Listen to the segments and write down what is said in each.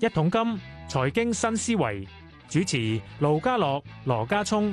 一桶金財經新思維，主持盧家樂、羅家聰。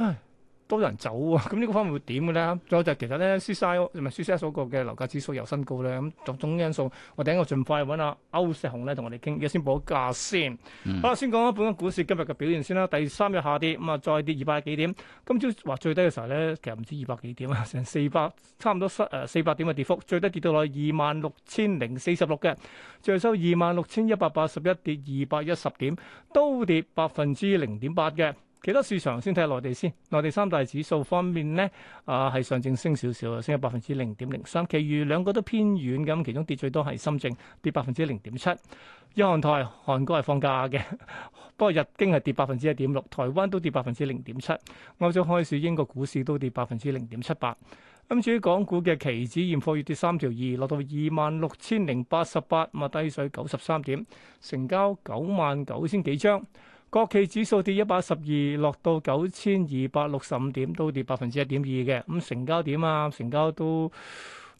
唉，多人走喎、啊，咁呢個方面會點嘅咧？仲有就係其實咧，蘇生唔係蘇生所講嘅樓價指數又新高咧，咁各種因素，我哋應該盡快揾阿、啊、歐錫熊咧同我哋傾，而家先報咗價先。好、嗯、啦，先講一本港股市今日嘅表現先啦。第三日下跌，咁啊再跌二百幾點。今朝話最低嘅時候咧，其實唔知二百幾點啊，成四百差唔多四百點嘅跌幅，最低跌到落二萬六千零四十六嘅，最收二萬六千一百八十一，跌二百一十點，都跌百分之零點八嘅。其他市場先睇下內地先。內地三大指數方面咧，啊係上證升少少，升咗百分之零點零三。其餘兩個都偏遠咁，其中跌最多係深證，跌百分之零點七。日韓台，韓國係放假嘅，不過日經係跌百分之一點六，台灣都跌百分之零點七。歐洲開市，英國股市都跌百分之零點七八。咁至於港股嘅期指現貨月跌三條二，落到二萬六千零八十八，咁啊低水九十三點，成交九萬九千幾張。國企指數跌一百十二，落到九千二百六十五點，都跌百分之一點二嘅。咁成交點啊，成交都唔、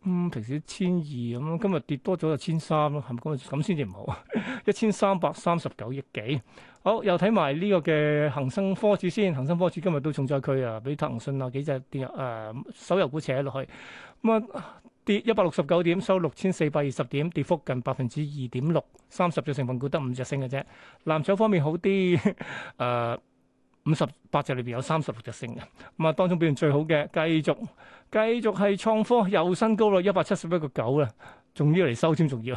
嗯、平時千二咁，今日跌多咗就千三咯，係咪咁咁先至唔好？一千三百三十九億幾。好，又睇埋呢個嘅恒生科指先，恒生科指今日都重災區啊，俾騰訊啊幾隻跌，誒、呃、手遊股扯落去咁啊。嗯跌一百六十九點，收六千四百二十點，跌幅近百分之二點六。三十隻成分股得五隻升嘅啫。藍籌方面好啲，誒、呃，五十八隻裏邊有三十六隻升嘅。咁啊，當中表現最好嘅繼續繼續係創科又新高咯，一百七十一個九啦。仲要嚟收，添仲要，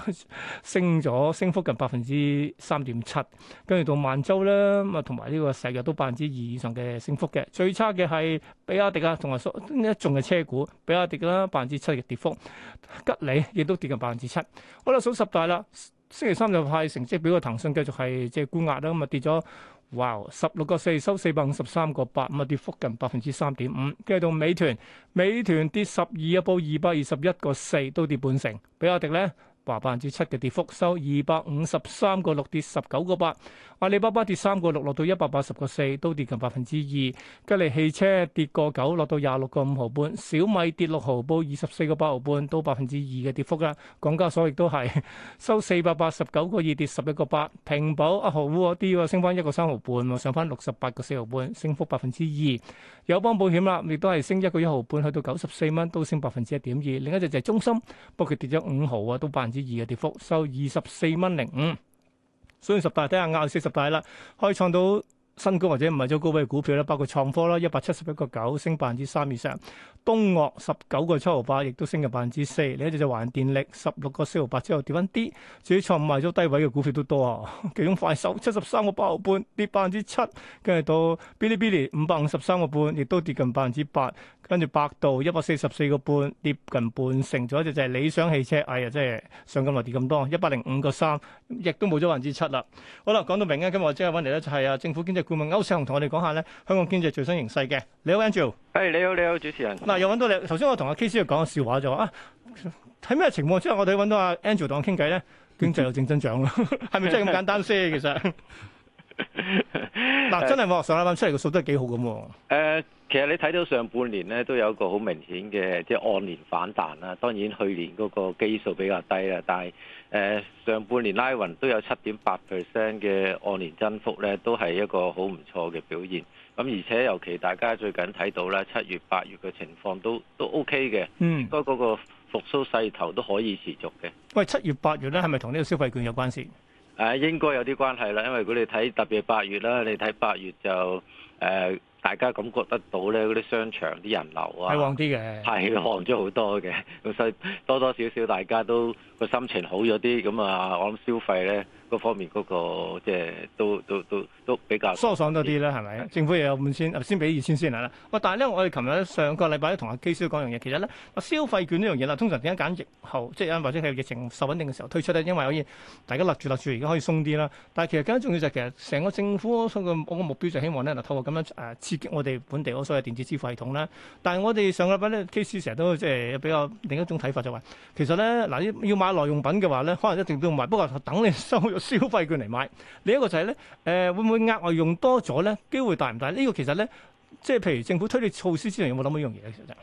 升咗，升幅近百分之三點七，跟住到萬州咧，咁啊同埋呢個世界都百分之二以上嘅升幅嘅。最差嘅係比亞迪啊，同埋一眾嘅車股，比亞迪啦，百分之七嘅跌幅，吉利亦都跌近百分之七。好啦，數十大啦，星期三就派成績，表個騰訊繼續係即係沽壓啦，咁啊跌咗。哇！十六個四收四百五十三個八，咁啊跌幅近百分之三點五。跟住到美團，美團跌十二一報二百二十一個四，都跌半成。比亞迪咧？百分之七嘅跌幅，收二百五十三個六，跌十九個八。阿里巴巴跌三個六，落到一百八十個四，都跌近百分之二。吉利汽車跌個九，落到廿六個五毫半。小米跌六毫半，二十四個八毫半，都百分之二嘅跌幅啦。港交所亦都係收四百八十九個二，跌十一個八。平保一毫啲啊，升翻一個三毫半，上翻六十八個四毫半，升幅百分之二。友邦保險啦，亦都係升一個一毫半，去到九十四蚊，都升百分之一點二。另一隻就係中芯，不過佢跌咗五毫啊，都百之二嘅跌幅，收二十四蚊零五。所以十大睇下，壓四十大啦，可以創到。新高或者唔係咗高位嘅股票咧，包括創科啦，一百七十一個九，升百分之三以上；東岳十九個七毫八，亦都升咗百分之四。你一隻就華電力十六個四毫八之後跌翻啲。至於創賣咗低位嘅股票都多啊，其中快手七十三個八毫半跌百分之七，跟住到 Bilibili 五百五十三個半，亦都跌近百分之八。跟住百度一百四十四個半跌近半成。仲有一隻就係理想汽車，哎呀真係上咁落跌咁多105，一百零五個三，亦都冇咗百分之七啦。好啦，講到明啊，今日即刻揾嚟咧就係啊，政府經濟顧問歐雄同我哋講下咧香港經濟最新形勢嘅，你好 Andrew。誒，你好你好主持人。嗱、啊、又揾到你，頭先我同阿 K 師又講個笑話就話啊，睇咩情況之下我哋揾到阿 Andrew 同我傾偈咧？經濟有正增長咯，係 咪真係咁簡單先？其實嗱，真係冇，上一拜真係個數都係幾好咁。誒、呃，其實你睇到上半年咧都有一個好明顯嘅即係按年反彈啦。當然去年嗰個基數比較低啦，但係。誒、呃、上半年拉勻都有七點八 percent 嘅按年增幅咧，都係一個好唔錯嘅表現。咁而且尤其大家最近睇到啦，七月八月嘅情況都都 OK 嘅。嗯，應該嗰個復甦勢頭都可以持續嘅、嗯。喂，七月八月咧，係咪同呢個消費券有關係？誒、呃，應該有啲關係啦。因為如果你睇特別係八月啦，你睇八月就誒。呃大家感覺得到咧，嗰啲商場啲人流啊，係旺啲嘅，係旺咗好多嘅，咁所以多多少少大家都個心情好咗啲，咁啊，我諗消費咧。各方面嗰個即係都都都都比較疏爽多啲啦，係咪？政府又有五千，先俾二千先啦。喂，但係咧，我哋琴日上個禮拜咧，同阿 K 師講樣嘢，其實咧，消費券呢樣嘢啦，通常點解揀疫後，即係或者係疫情受穩定嘅時候推出咧，因為可以大家勒住勒住，而家可以鬆啲啦。但係其實更加重要就係其實成個政府嗰個目標就希望咧，透過咁樣誒、呃、刺激我哋本地嗰所有電子支付系統啦。但係我哋上個禮拜咧，KC 成日都即係比較另一種睇法，就是，就話其實咧嗱要要買耐用品嘅話咧，可能一定都唔係，不過等你收咗。消費券嚟買，另一個就係咧，誒會唔會額外用多咗咧？機會大唔大？呢個其實咧，即係譬如政府推呢措施之前有冇諗呢樣嘢咧？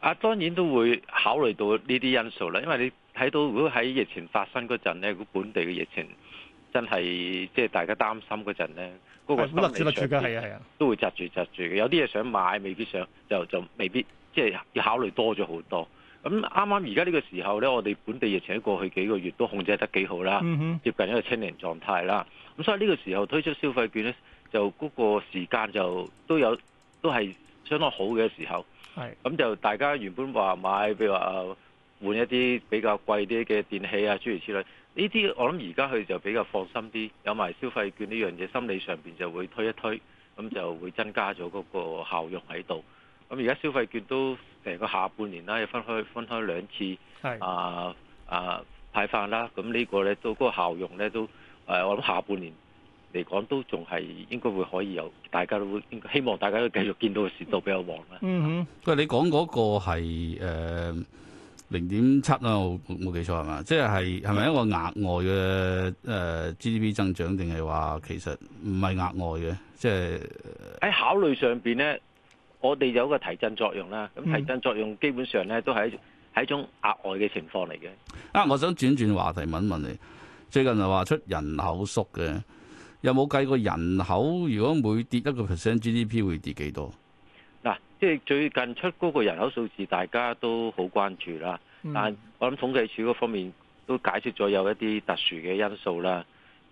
啊，當然都會考慮到呢啲因素啦。因為你睇到如果喺疫情發生嗰陣咧，本地嘅疫情真係即係大家擔心嗰陣咧，嗰個心理上都會窒住窒住嘅。有啲嘢想買，未必想，就就未必即係要考慮多咗好多。咁啱啱而家呢個時候呢，我哋本地疫情喺過去幾個月都控制得幾好啦，嗯，接近一個清零狀態啦。咁所以呢個時候推出消費券呢，就嗰個時間就都有都係相當好嘅時候。係。咁就大家原本話買，譬如話換一啲比較貴啲嘅電器啊諸如此類，呢啲我諗而家佢就比較放心啲，有埋消費券呢樣嘢，心理上面就會推一推，咁就會增加咗嗰個效用喺度。咁而家消費券都。誒個下半年啦，又分開分開兩次，係啊啊派發啦，咁、呃、呢、呃這個咧都嗰個效用咧都誒，我諗下半年嚟講都仲係應該會可以有，大家都會希望大家都繼續見到嘅市都比較旺啦。嗯哼，喂、嗯，你講嗰個係零點七啦，我冇記錯係嘛？即係係咪一個額外嘅誒、呃、GDP 增長，定係話其實唔係額外嘅？即係喺考慮上邊咧？我哋有個提振作用啦，咁提振作用基本上咧都係係一種額外嘅情況嚟嘅。啊，我想轉轉話題問問你，最近又話出人口縮嘅，有冇計過人口？如果每跌一個 percent，GDP 會跌幾多？嗱、啊，即係最近出嗰個人口數字，大家都好關注啦、嗯。但係我諗統計處嗰方面都解釋咗有一啲特殊嘅因素啦。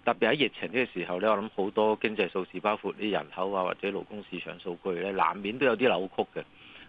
特別喺疫情呢個時候呢，我諗好多經濟數字，包括啲人口啊，或者勞工市場數據呢，難免都有啲扭曲嘅。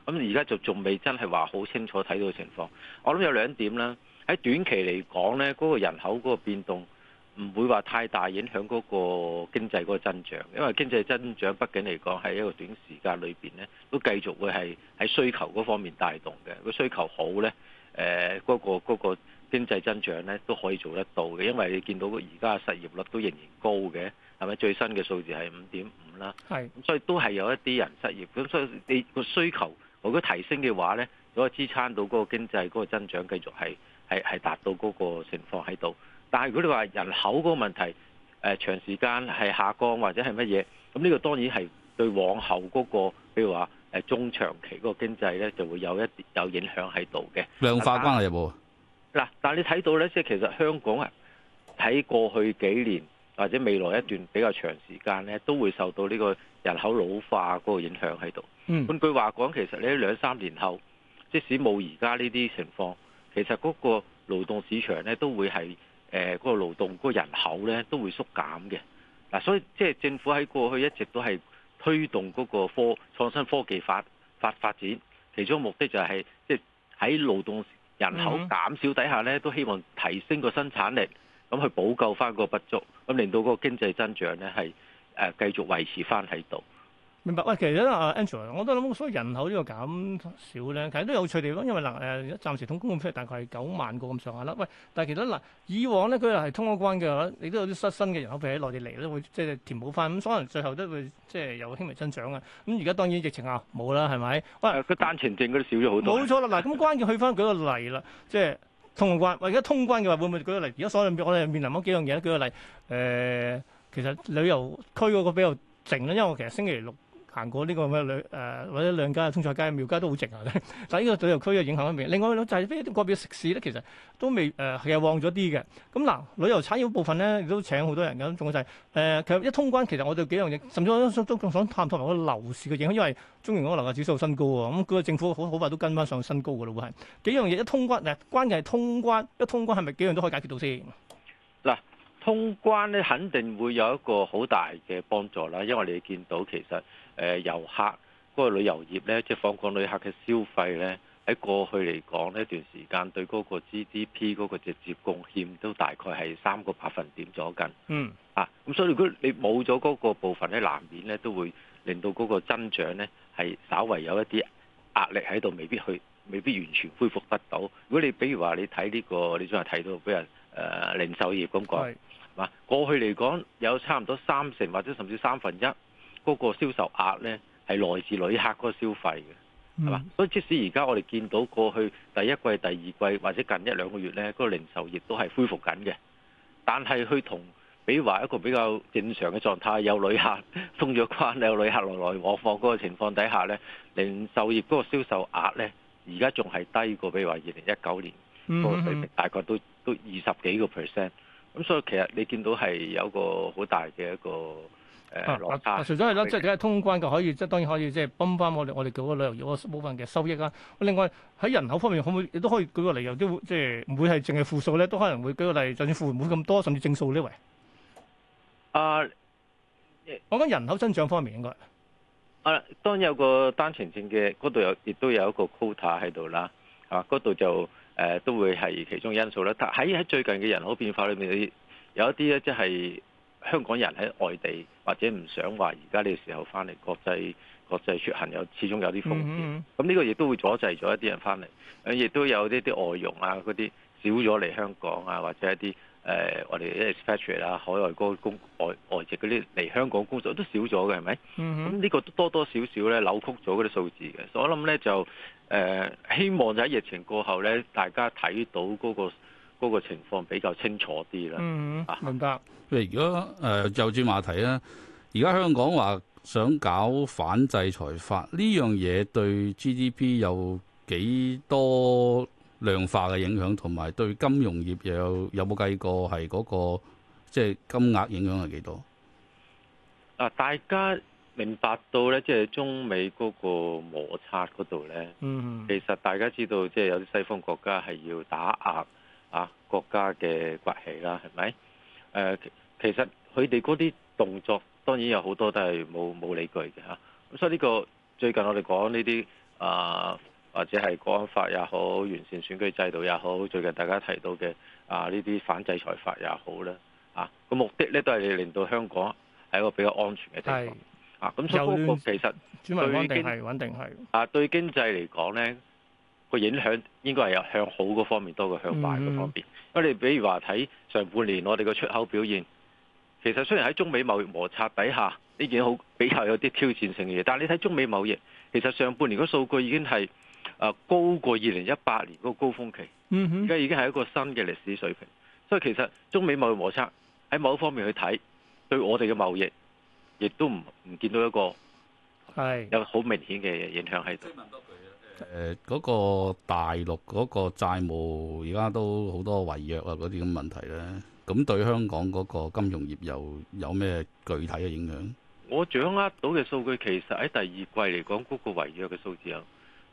咁而家就仲未真係話好清楚睇到嘅情況。我諗有兩點啦，喺短期嚟講呢，嗰個人口嗰個變動唔會話太大影響嗰個經濟嗰個增長，因為經濟增長畢竟嚟講喺一個短時間裏邊呢都繼續會係喺需求嗰方面帶動嘅。個需求好呢，誒嗰個嗰個。嗰個經濟增長咧都可以做得到嘅，因為你見到而家嘅失業率都仍然高嘅，係咪？最新嘅數字係五點五啦，係。咁所以都係有一啲人失業，咁所以你個需求如果提升嘅話咧，如果支撐到嗰個經濟嗰個增長繼續係係係達到嗰個情況喺度。但係如果你話人口嗰個問題誒、呃、長時間係下降或者係乜嘢，咁呢個當然係對往後嗰個譬如話誒中長期嗰個經濟咧就會有一啲有影響喺度嘅。量化關係有冇？嗱，但係你睇到咧，即係其實香港啊喺過去幾年或者未來一段比較長時間咧，都會受到呢個人口老化嗰個影響喺度。嗯，換句話講，其實咧兩三年後，即使冇而家呢啲情況，其實嗰個勞動市場咧都會係誒嗰個勞動嗰個人口咧都會縮減嘅。嗱，所以即係政府喺過去一直都係推動嗰個科創新科技發發發展，其中目的就係、是、即係喺勞動。人口減少底下咧，都希望提升個生產力，噉去補救返個不足，噉令到個經濟增長咧係誒繼續維持返喺度。明白喂，其實咧，阿 Angela 我都諗，所以人口呢個減少咧，其實都有趣地咯。因為嗱，誒、呃、暫時統共出入大概係九萬個咁上下啦。喂，但係其實嗱，以往咧佢係通一關嘅話，你都有啲失身嘅人口，譬如喺內地嚟咧，會即係填補翻。咁所以可能最後都會即係有輕微增長嘅。咁而家當然疫情啊冇啦，係咪？喂，佢單程證嗰啲少咗好多。冇錯啦，嗱，咁關鍵去翻舉個例啦，即係通唔關。喂，而家通關嘅話，會唔會舉個例？而家所有人我哋面臨嗰幾樣嘢咧，舉個例，誒、呃，其實旅遊區嗰個比較靜啦，因為我其實星期六。行過呢個咩兩誒或者兩街、通菜街、廟街都好靜啊，咧，就係呢個旅遊區嘅影響都未。另外兩就係啲個別食肆咧，其實都未誒，係旺咗啲嘅。咁嗱、呃，旅遊產業部分咧，亦都請好多人嘅。仲有就係、是、誒、呃，其實一通關，其實我哋幾樣嘢，甚至我想探討埋我樓市嘅影響，因為中原嗰個樓價指數新高喎。咁、嗯、嗰、那個政府好好快都跟翻上新高嘅咯，會係幾樣嘢一通關嗱，關鍵係通關，一通關係咪幾樣都可以解決到先？嗱，通關咧，肯定會有一個好大嘅幫助啦，因為你見到其實。誒、呃、遊客嗰、嗰個旅遊業呢，即係訪港旅客嘅消費呢，喺過去嚟講呢一段時間，對嗰個 GDP 嗰個直接貢獻都大概係三個百分點左近。嗯。啊，咁所以如果你冇咗嗰個部分呢，難免呢，都會令到嗰個增長呢，係稍為有一啲壓力喺度，未必去，未必完全恢復得到。如果你比如話你睇呢、這個，你總係睇到俾人誒零售業咁、那、講、個，係過去嚟講有差唔多三成或者甚至三分一。嗰個銷售額呢，係來自旅客嗰個消費嘅，係、嗯、嘛？所以即使而家我哋見到過去第一季、第二季或者近一兩個月呢，嗰個零售業都係恢復緊嘅。但係去同比如話一個比較正常嘅狀態，有旅客封咗關，有旅客來來往往嗰個情況底下呢，零售業嗰個銷售額呢，而家仲係低過比如話二零一九年嗰個水平，那個、大概都都二十幾個 percent。咁所以其實你見到係有個好大嘅一個。啊，啊，啊，啊！除咗係啦，即係你係通關就可以，即係當然可以，即係泵翻我哋我哋嗰個旅遊業嗰部分嘅收益啦、啊。另外喺人口方面，可唔可以亦都可以舉個例，有啲即係唔會係淨係負數咧，都可能會舉個例，就算負唔會咁多，甚至正數呢位？啊，我覺得人口增長方面應該啊，當然有個單程證嘅，嗰度有亦都有一個 quota 喺度啦，嚇嗰度就誒、呃、都會係其中因素啦。但喺喺最近嘅人口變化裏面，有一啲咧即係。香港人喺外地或者唔想話，而家呢個時候翻嚟，國際國際出行有始終有啲風險。咁、mm、呢 -hmm. 個亦都會阻滯咗一啲人翻嚟，亦都有呢啲外傭啊，嗰啲少咗嚟香港啊，或者一啲誒、呃、我哋啲 special 啊，海外公外外籍嗰啲嚟香港工作都少咗嘅，係咪？咁、mm、呢 -hmm. 個多多少少咧扭曲咗嗰啲數字嘅。所以我諗咧就誒、呃、希望就喺疫情過後咧，大家睇到嗰、那個。嗰、那個情況比較清楚啲啦、嗯，明白。譬如如果誒就轉話題啦，而家香港話想搞反制裁法，呢樣嘢對 GDP 有幾多量化嘅影響，同埋對金融業又有冇計過係嗰、那個即係、就是、金額影響係幾多？啊！大家明白到咧，即、就、係、是、中美嗰個摩擦嗰度咧，其實大家知道，即、就、係、是、有啲西方國家係要打壓。啊，國家嘅崛起啦，係咪？誒，其實佢哋嗰啲動作當然有好多都係冇冇理據嘅嚇。咁所以呢個最近我哋講呢啲啊，或者係國安法又好，完善選舉制度又好，最近大家提到嘅啊呢啲反制裁法又好咧，啊個目的咧都係令到香港係一個比較安全嘅地方。啊，咁所以、嗰個、其實對經濟穩定係。啊，對經濟嚟講咧，個影響應該係有向好嗰方面多過向壞嗰方面，因為你比如話睇上半年我哋個出口表現，其實雖然喺中美貿易摩擦底下呢件好比較有啲挑戰性嘅嘢，但係你睇中美貿易，其實上半年個數據已經係誒高過二零一八年嗰個高峰期，而家，Mm-hmm. 已經係一個新嘅歷史水平，所以其實中美貿易摩擦喺某一方面去睇，對我哋嘅貿易亦都唔唔見到一個係有好明顯嘅影響喺度。Mm-hmm. 誒，嗰個大陸嗰個債務而家都好多違約啊，嗰啲咁問題咧，咁對香港嗰個金融業又有咩具體嘅影響？我掌握到嘅數據，其實喺第二季嚟講，嗰個違約嘅數字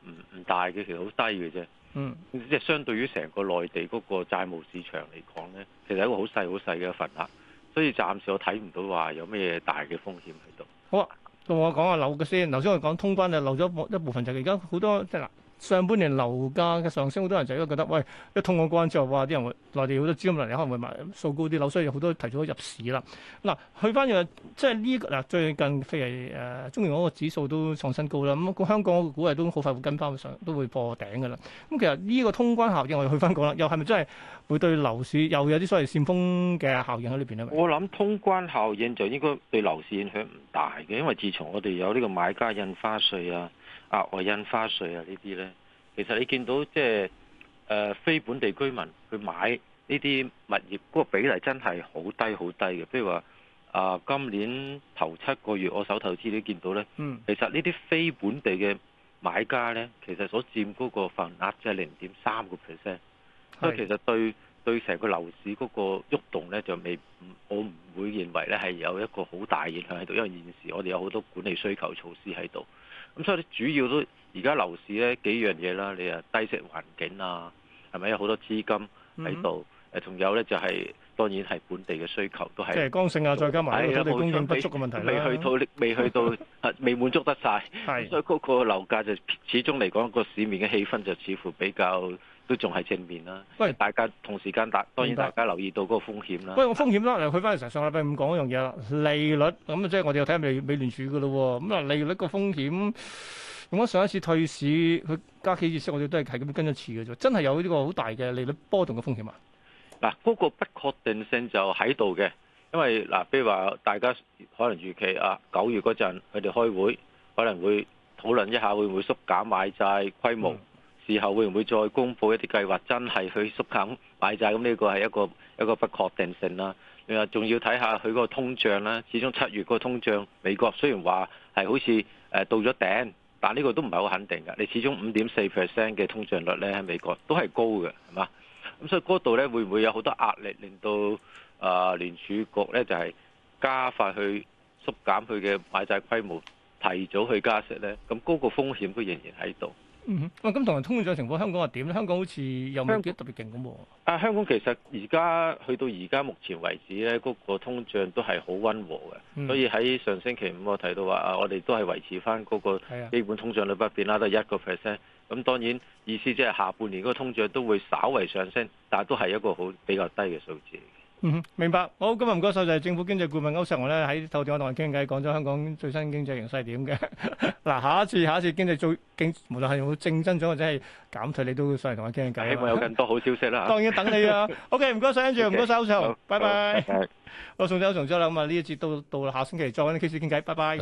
唔唔大嘅，其實好低嘅啫。嗯，即係相對於成個內地嗰個債務市場嚟講咧，其實係一個好細好細嘅份額，所以暫時我睇唔到話有咩大嘅風險喺度。好、哦。同我講下樓嘅先，頭先我講通關就漏咗一部一部分，就係而家好多即係嗱，上半年樓價嘅上升，好多人就應該覺得，喂，一通過關之後，哇，啲人會，內地好多資金嚟，你可能會買數高啲樓，所以好多提早入市啦。嗱、啊，去翻嘅即係呢個嗱，最近飛誒、啊、中原嗰個指數都創新高啦。咁、嗯、香港個股係都好快會跟翻上，都會破頂㗎啦。咁、啊、其實呢個通關效應我哋去翻講啦，又係咪真係會對樓市又有啲所謂煽風嘅效應喺裏邊咧？我諗通關效應就應該對樓市影響唔大嘅，因為自從我哋有呢個買家印花稅啊、額、啊、外印花稅啊這些呢啲咧，其實你見到即係。誒非本地居民去買呢啲物業，嗰、那個比例真係好低好低嘅。譬如話，啊、呃、今年頭七個月，我手頭資料見到呢，嗯、其實呢啲非本地嘅買家呢，其實所佔嗰個份額就係零點三個 percent。所以其實對對成個樓市嗰個喐動，動呢，就未我唔會認為呢係有一個好大影響喺度，因為現時我哋有好多管理需求措施喺度。咁所以主要都而家樓市呢幾樣嘢啦，你啊低息環境啊。係咪有好多資金喺度？誒、嗯，仲有咧就係、是、當然係本地嘅需求都係。即係剛性啊，再加埋土地供應不足嘅問題未、哎、去到，未去到，未 滿足得晒。所以嗰個樓價就始終嚟講，個市面嘅氣氛就似乎比較都仲係正面啦。因為大家同時間大，當然大家留意到嗰個風險啦。喂，個風險啦，嚟去翻成上禮拜五講一樣嘢啦，利率咁即係我哋又睇下美美聯儲嘅咯喎。咁啊，利率個風險。咁我上一次退市，佢加起利息，我哋都係係咁跟一次嘅啫。真係有呢個好大嘅利率波動嘅風險啊。嗱，嗰個不確定性就喺度嘅，因為嗱，譬如話大家可能預期啊，九月嗰陣佢哋開會可能會討論一下會唔會縮減買債規模，事、嗯、後會唔會再公布一啲計劃真係去縮減買債，咁，呢個係一個一個不確定性啦。另外，仲要睇下佢嗰個通脹啦。始終七月嗰個通脹美國雖然話係好似誒到咗頂。但呢個都唔係好肯定㗎，你始終五點四 percent 嘅通脹率咧喺美國都係高嘅，係嘛？咁所以嗰度咧會唔會有好多壓力，令到啊、呃、聯儲局咧就係、是、加快去縮減佢嘅買債規模，提早去加息咧？咁嗰個風險都仍然喺度。咁同埋通脹情況，香港又點咧？香港好似又唔見得特別勁咁喎。啊，香港其實而家去到而家目前為止咧，嗰個通脹都係好溫和嘅、嗯，所以喺上星期五我提到話啊，我哋都係維持翻嗰個基本通脹率不變啦，都係一個 percent。咁當然意思即係下半年嗰個通脹都會稍為上升，但係都係一個好比較低嘅數字。嗯、明白。好，今日唔該曬，就係、是、政府經濟顧問歐錫熊咧，喺透過電話我同佢傾偈，講咗香港最新經濟形勢點嘅。嗱， 下一次，下一次經濟做經，無論係有正增長或者係減退，你都上嚟同我傾偈。希望有更多好消息啦。當然要等你啊、 okay, okay.OK，唔該曬，跟住唔該曬，歐錫熊拜拜。拜拜送我送走歐錫熊啦。咁啊，呢一次到到下星期再揾你開始傾偈。拜拜。